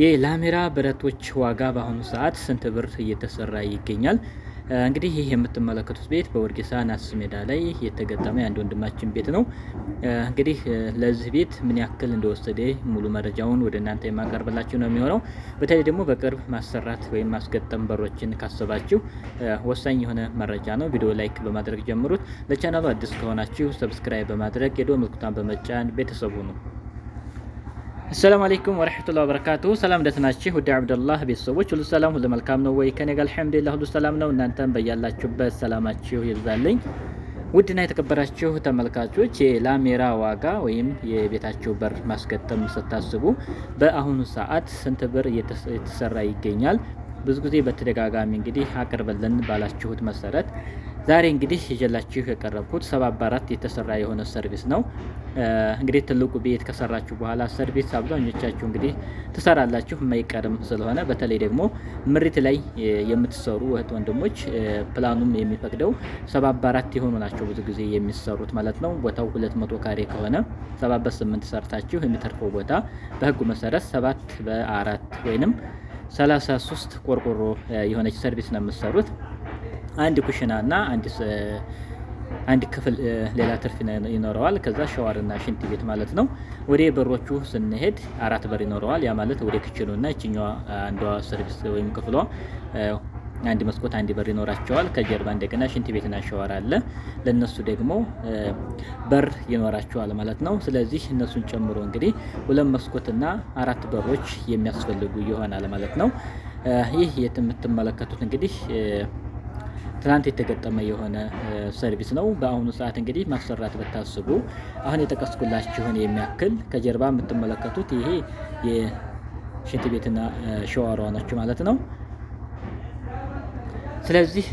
የላሜራ ብረቶች ዋጋ በአሁኑ ሰዓት ስንት ብር እየተሰራ ይገኛል? እንግዲህ ይህ የምትመለከቱት ቤት በወርጌሳ ናስ ሜዳ ላይ የተገጠመ የአንድ ወንድማችን ቤት ነው። እንግዲህ ለዚህ ቤት ምን ያክል እንደወሰደ ሙሉ መረጃውን ወደ እናንተ የማቀርብላችሁ ነው የሚሆነው። በተለይ ደግሞ በቅርብ ማሰራት ወይም ማስገጠም በሮችን ካሰባችሁ ወሳኝ የሆነ መረጃ ነው። ቪዲዮ ላይክ በማድረግ ጀምሩት። ለቻናሉ አዲስ ከሆናችሁ ሰብስክራይብ በማድረግ የደወል ምልክቷን በመጫን ቤተሰቡ ነው አሰላሙ አለይኩም ወረህመቱላሂ ወበረካቱሁ። ሰላም ደህናችሁ ውድ አብደላህ ቤተሰቦች ሁሉ ሰላም ሁሉ መልካም ነው ወይ? ከኔ ጋር አልሐምዱሊላህ ሁሉ ሰላም ነው። እናንተም በያላችሁበት ሰላማችሁ ይብዛልኝ። ውድና የተከበራችሁ ተመልካቾች የላሜራ ዋጋ ወይም የቤታችሁ በር ማስገጠም ስታስቡ በአሁኑ ሰዓት ስንት ብር እየተሰራ ይገኛል? ብዙ ጊዜ በተደጋጋሚ እንግዲህ አቅርበልን ባላችሁት መሰረት ዛሬ እንግዲህ ይዤላችሁ የቀረብኩት ሰባ በአራት የተሰራ የሆነ ሰርቪስ ነው። እንግዲህ ትልቁ ቤት ከሰራችሁ በኋላ ሰርቪስ አብዛኞቻችሁ እንግዲህ ትሰራላችሁ የማይቀርም ስለሆነ በተለይ ደግሞ ምሪት ላይ የምትሰሩ እህት ወንድሞች ፕላኑም የሚፈቅደው ሰባ በአራት የሆኑ ናቸው ብዙ ጊዜ የሚሰሩት ማለት ነው። ቦታው ሁለት መቶ ካሬ ከሆነ ሰባ በስምንት ሰርታችሁ የሚተርፈው ቦታ በህጉ መሰረት ሰባት በአራት ወይንም 33 ቆርቆሮ የሆነች ሰርቪስ ነው የምትሰሩት። አንድ ኩሽና እና አንድ አንድ ክፍል ሌላ ትርፍ ይኖረዋል። ከዛ ሸዋርና ሽንት ቤት ማለት ነው። ወደ በሮቹ ስንሄድ አራት በር ይኖረዋል። ያ ማለት ወደ ክችሉ እና ይችኛዋ አንዷ ሰርቪስ ወይም ክፍሏ አንድ መስኮት አንድ በር ይኖራቸዋል። ከጀርባ እንደገና ሽንት ቤትና ሸዋር አለ። ለእነሱ ደግሞ በር ይኖራቸዋል ማለት ነው። ስለዚህ እነሱን ጨምሮ እንግዲህ ሁለት መስኮትና አራት በሮች የሚያስፈልጉ ይሆናል ማለት ነው። ይህ የምትመለከቱት እንግዲህ ትናንት የተገጠመ የሆነ ሰርቪስ ነው። በአሁኑ ሰዓት እንግዲህ ማሰራት ብታስቡ አሁን የጠቀስኩላችሁን የሚያክል ከጀርባ የምትመለከቱት ይሄ የሽንት ቤትና ሸዋሯ ናቸው ማለት ነው። ስለዚህ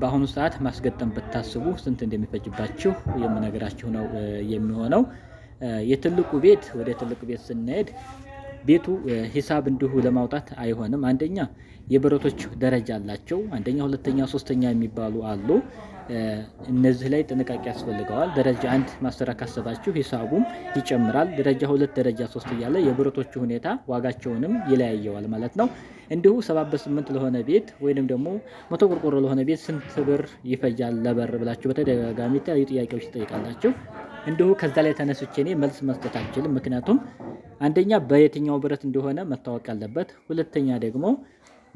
በአሁኑ ሰዓት ማስገጠም ብታስቡ ስንት እንደሚፈጅባችሁ የምነግራችሁ ነው የሚሆነው። የትልቁ ቤት ወደ ትልቁ ቤት ስንሄድ ቤቱ ሂሳብ እንዲሁ ለማውጣት አይሆንም። አንደኛ የበረቶች ደረጃ አላቸው። አንደኛ፣ ሁለተኛ፣ ሶስተኛ የሚባሉ አሉ። እነዚህ ላይ ጥንቃቄ ያስፈልገዋል። ደረጃ አንድ ማሰራ ካሰባችሁ ሂሳቡም ይጨምራል። ደረጃ ሁለት፣ ደረጃ ሶስት እያለ የብረቶቹ ሁኔታ ዋጋቸውንም ይለያየዋል ማለት ነው። እንዲሁ ሰባ በስምንት ለሆነ ቤት ወይንም ደግሞ መቶ ቆርቆሮ ለሆነ ቤት ስንት ብር ይፈጃል ለበር ብላችሁ በተደጋጋሚ የተለያዩ ጥያቄዎች ትጠይቃላችሁ። እንዲሁ ከዛ ላይ ተነስቼ እኔ መልስ መስጠት አልችልም። ምክንያቱም አንደኛ በየትኛው ብረት እንደሆነ መታወቅ አለበት። ሁለተኛ ደግሞ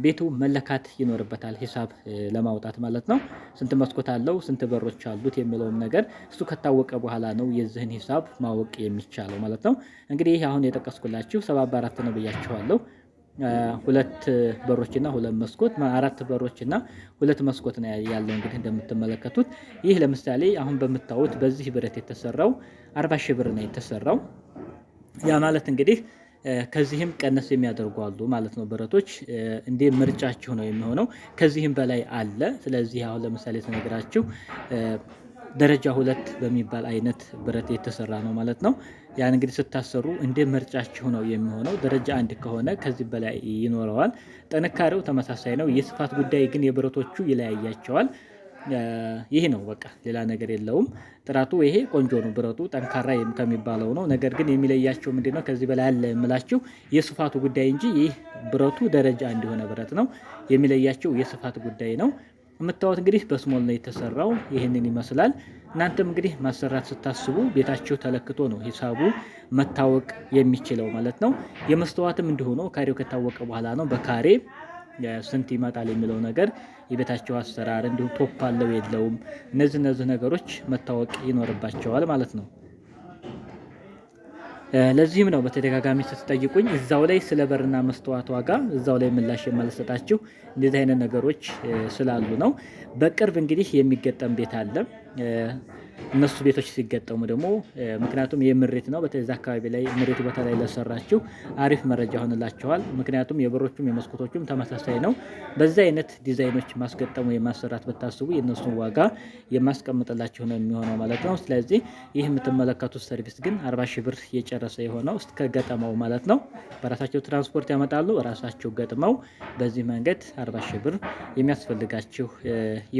ቤቱ መለካት ይኖርበታል፣ ሂሳብ ለማውጣት ማለት ነው። ስንት መስኮት አለው፣ ስንት በሮች አሉት የሚለውን ነገር እሱ ከታወቀ በኋላ ነው የዚህን ሂሳብ ማወቅ የሚቻለው ማለት ነው። እንግዲህ አሁን የጠቀስኩላችሁ ሰባ በአራት ነው ብያችኋለሁ። ሁለት በሮችና ሁለት መስኮት አራት በሮችና ሁለት መስኮት ነው ያለው። እንግዲህ እንደምትመለከቱት ይህ ለምሳሌ አሁን በምታዩት በዚህ ብረት የተሰራው አርባ ሺህ ብር ነው የተሰራው። ያ ማለት እንግዲህ ከዚህም ቀነስ የሚያደርጉ አሉ ማለት ነው። ብረቶች እንዴ ምርጫችሁ ነው የሚሆነው። ከዚህም በላይ አለ። ስለዚህ አሁን ለምሳሌ ተነግራችሁ ደረጃ ሁለት በሚባል አይነት ብረት የተሰራ ነው ማለት ነው። ያን እንግዲህ ስታሰሩ እንደ ምርጫችሁ ነው የሚሆነው። ደረጃ አንድ ከሆነ ከዚህ በላይ ይኖረዋል። ጥንካሬው ተመሳሳይ ነው። የስፋት ጉዳይ ግን የብረቶቹ ይለያያቸዋል። ይሄ ነው በቃ ሌላ ነገር የለውም። ጥራቱ ይሄ ቆንጆ ነው፣ ብረቱ ጠንካራ ከሚባለው ነው። ነገር ግን የሚለያቸው ምንድነው? ከዚህ በላይ አለ የምላቸው የስፋቱ ጉዳይ እንጂ ይህ ብረቱ ደረጃ እንዲሆነ ብረት ነው። የሚለያቸው የስፋት ጉዳይ ነው። የምታዩት እንግዲህ በስሞል ነው የተሰራው። ይህንን ይመስላል። እናንተም እንግዲህ ማሰራት ስታስቡ ቤታቸው ተለክቶ ነው ሂሳቡ መታወቅ የሚችለው ማለት ነው። የመስተዋትም እንዲሆነው ካሬው ከታወቀ በኋላ ነው በካሬ ስንት ይመጣል የሚለው ነገር የቤታቸው አሰራር እንዲሁም ቶፕ አለው የለውም፣ እነዚህ እነዚህ ነገሮች መታወቅ ይኖርባቸዋል ማለት ነው። ለዚህም ነው በተደጋጋሚ ስትጠይቁኝ እዛው ላይ ስለ በርና መስተዋት ዋጋ እዛው ላይ ምላሽ የማልሰጣችሁ እንደዚህ አይነት ነገሮች ስላሉ ነው። በቅርብ እንግዲህ የሚገጠም ቤት አለ። እነሱ ቤቶች ሲገጠሙ ደግሞ ምክንያቱም ይህ ምሬት ነው። በተዛ አካባቢ ላይ ምሬት ቦታ ላይ ለሰራችሁ አሪፍ መረጃ ሆንላችኋል። ምክንያቱም የበሮቹም የመስኮቶቹም ተመሳሳይ ነው። በዚህ አይነት ዲዛይኖች ማስገጠሙ የማሰራት ብታስቡ የእነሱን ዋጋ የማስቀምጥላችሁ ነው የሚሆነው ማለት ነው። ስለዚህ ይህ የምትመለከቱት ሰርቪስ ግን አርባ ሺህ ብር የጨረሰ የሆነው እስከ ገጠመው ማለት ነው። በራሳቸው ትራንስፖርት ያመጣሉ፣ ራሳቸው ገጥመው በዚህ መንገድ አርባ ሺህ ብር የሚያስፈልጋችሁ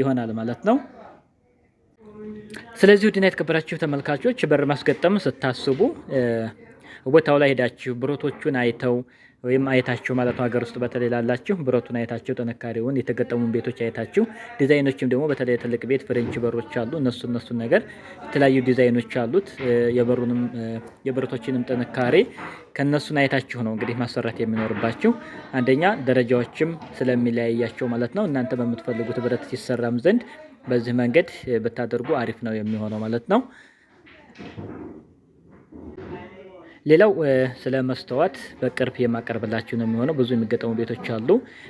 ይሆናል ማለት ነው። ስለዚህ ውድና የተከበራችሁ ተመልካቾች በር ማስገጠም ስታስቡ ቦታው ላይ ሄዳችሁ ብረቶቹን አይተው ወይም አይታችሁ ማለት ነው። ሀገር ውስጥ በተለይ ላላችሁ ብረቱን አይታችሁ ጥንካሬውን፣ የተገጠሙ ቤቶች አይታችሁ ዲዛይኖችም ደግሞ በተለይ ትልቅ ቤት ፍሬንች በሮች አሉ። እነሱ እነሱን ነገር የተለያዩ ዲዛይኖች አሉት። የበሩንም የብረቶችንም ጥንካሬ ከእነሱን አይታችሁ ነው እንግዲህ ማሰራት የሚኖርባችሁ። አንደኛ ደረጃዎችም ስለሚለያያቸው ማለት ነው እናንተ በምትፈልጉት ብረት ሲሰራም ዘንድ በዚህ መንገድ ብታደርጉ አሪፍ ነው የሚሆነው ማለት ነው። ሌላው ስለ መስተዋት በቅርብ የማቀርብላችሁ ነው የሚሆነው። ብዙ የሚገጠሙ ቤቶች አሉ።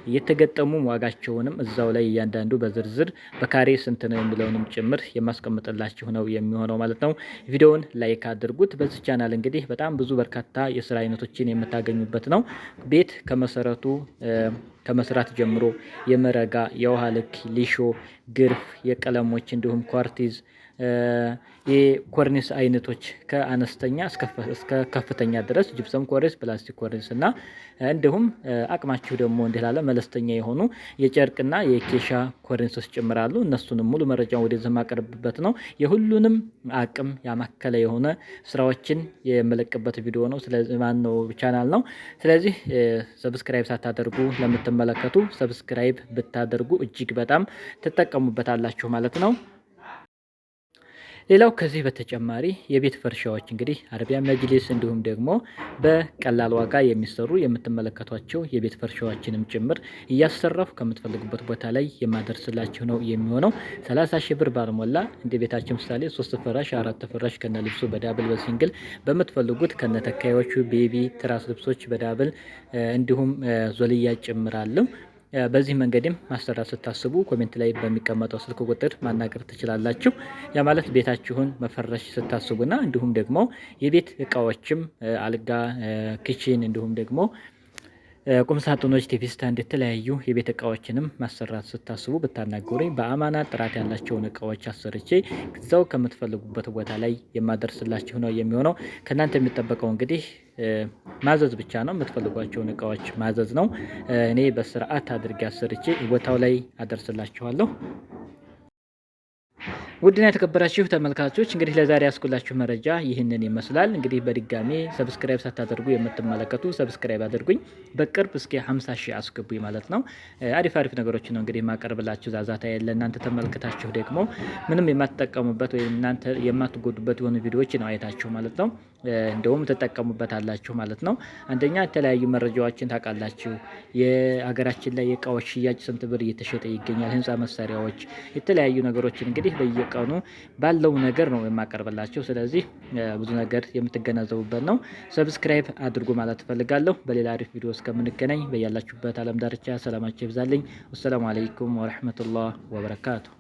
እየተገጠሙ ዋጋቸውንም እዛው ላይ እያንዳንዱ በዝርዝር በካሬ ስንት ነው የሚለውንም ጭምር የማስቀምጥላችሁ ነው የሚሆነው ማለት ነው። ቪዲዮውን ላይክ አድርጉት። በዚህ ቻናል እንግዲህ በጣም ብዙ በርካታ የስራ አይነቶችን የምታገኙበት ነው። ቤት ከመሰረቱ ከመስራት ጀምሮ የመረጋ፣ የውሃ ልክ፣ ሊሾ፣ ግርፍ፣ የቀለሞች እንዲሁም ኳርቲዝ የኮርኒስ አይነቶች ከአነስተኛ እስከ ከፍተኛ ድረስ ጅብሰም ኮርኒስ፣ ፕላስቲክ ኮርኒስ እና እንዲሁም አቅማችሁ ደግሞ እንዲላለ መለስተኛ የሆኑ የጨርቅና የኬሻ ኮርኒሶች ጭምራሉ። እነሱንም ሙሉ መረጃውን ወደዚህ የማቀርብበት ነው። የሁሉንም አቅም ያማከለ የሆነ ስራዎችን የመለቅበት ቪዲዮ ነው። ማን ነው ቻናል ነው። ስለዚህ ሰብስክራይብ ሳታደርጉ ለምትመለከቱ ሰብስክራይብ ብታደርጉ እጅግ በጣም ትጠቀሙበታላችሁ ማለት ነው። ሌላው ከዚህ በተጨማሪ የቤት ፈርሻዎች እንግዲህ አረቢያ መጅሊስ እንዲሁም ደግሞ በቀላል ዋጋ የሚሰሩ የምትመለከቷቸው የቤት ፈርሻዎችንም ጭምር እያሰራሁ ከምትፈልጉበት ቦታ ላይ የማደርስላችሁ ነው የሚሆነው። 30 ሺህ ብር ባልሞላ እንደ ቤታችን ምሳሌ ሶስት ፍራሽ አራት ፍራሽ ከነ ልብሱ በዳብል በሲንግል በምትፈልጉት ከነ ተካዮቹ ቤቢ ትራስ ልብሶች በዳብል እንዲሁም ዞልያ ጭምራለሁ በዚህ መንገድም ማሰራት ስታስቡ ኮሜንት ላይ በሚቀመጠው ስልክ ቁጥር ማናገር ትችላላችሁ። ያ ማለት ቤታችሁን መፈረሽ ስታስቡና እንዲሁም ደግሞ የቤት እቃዎችም አልጋ፣ ኪችን እንዲሁም ደግሞ ቁምሳጥኖች፣ ቲቪ ስታንድ፣ የተለያዩ የቤት እቃዎችንም ማሰራት ስታስቡ ብታናገሩኝ በአማና ጥራት ያላቸውን እቃዎች አሰርቼ እዛው ከምትፈልጉበት ቦታ ላይ የማደርስላችሁ ነው የሚሆነው። ከእናንተ የሚጠበቀው እንግዲህ ማዘዝ ብቻ ነው። የምትፈልጓቸውን እቃዎች ማዘዝ ነው። እኔ በስርዓት አድርጌ አሰርቼ ቦታው ላይ አደርስላችኋለሁ። ውድና የተከበራችሁ ተመልካቾች እንግዲህ ለዛሬ ያስኩላችሁ መረጃ ይህንን ይመስላል። እንግዲህ በድጋሜ ሰብስክራይብ ሳታደርጉ የምትመለከቱ ሰብስክራይብ አድርጉኝ። በቅርብ እስኪ 50 ሺህ አስገቡኝ ማለት ነው። አሪፍ አሪፍ ነገሮች ነው እንግዲህ የማቀርብላችሁ ዛዛታ የለ። እናንተ ተመልክታችሁ ደግሞ ምንም የማትጠቀሙበት ወይም እናንተ የማትጎዱበት የሆኑ ቪዲዮዎች ነው አይታችሁ ማለት ነው። እንደውም ትጠቀሙበታላችሁ ማለት ነው። አንደኛ የተለያዩ መረጃዎችን ታውቃላችሁ። የሀገራችን ላይ የእቃዎች ሽያጭ ስንት ብር እየተሸጠ ይገኛል፣ ህንፃ መሳሪያዎች፣ የተለያዩ ነገሮችን እንግዲህ በየቀኑ ባለው ነገር ነው የማቀርብላችሁ። ስለዚህ ብዙ ነገር የምትገነዘቡበት ነው። ሰብስክራይብ አድርጉ ማለት እፈልጋለሁ። በሌላ አሪፍ ቪዲዮ እስከምንገናኝ በያላችሁበት አለም ዳርቻ ሰላማችሁ ይብዛልኝ። ወሰላሙ አለይኩም ወረህመቱላህ ወበረካቱ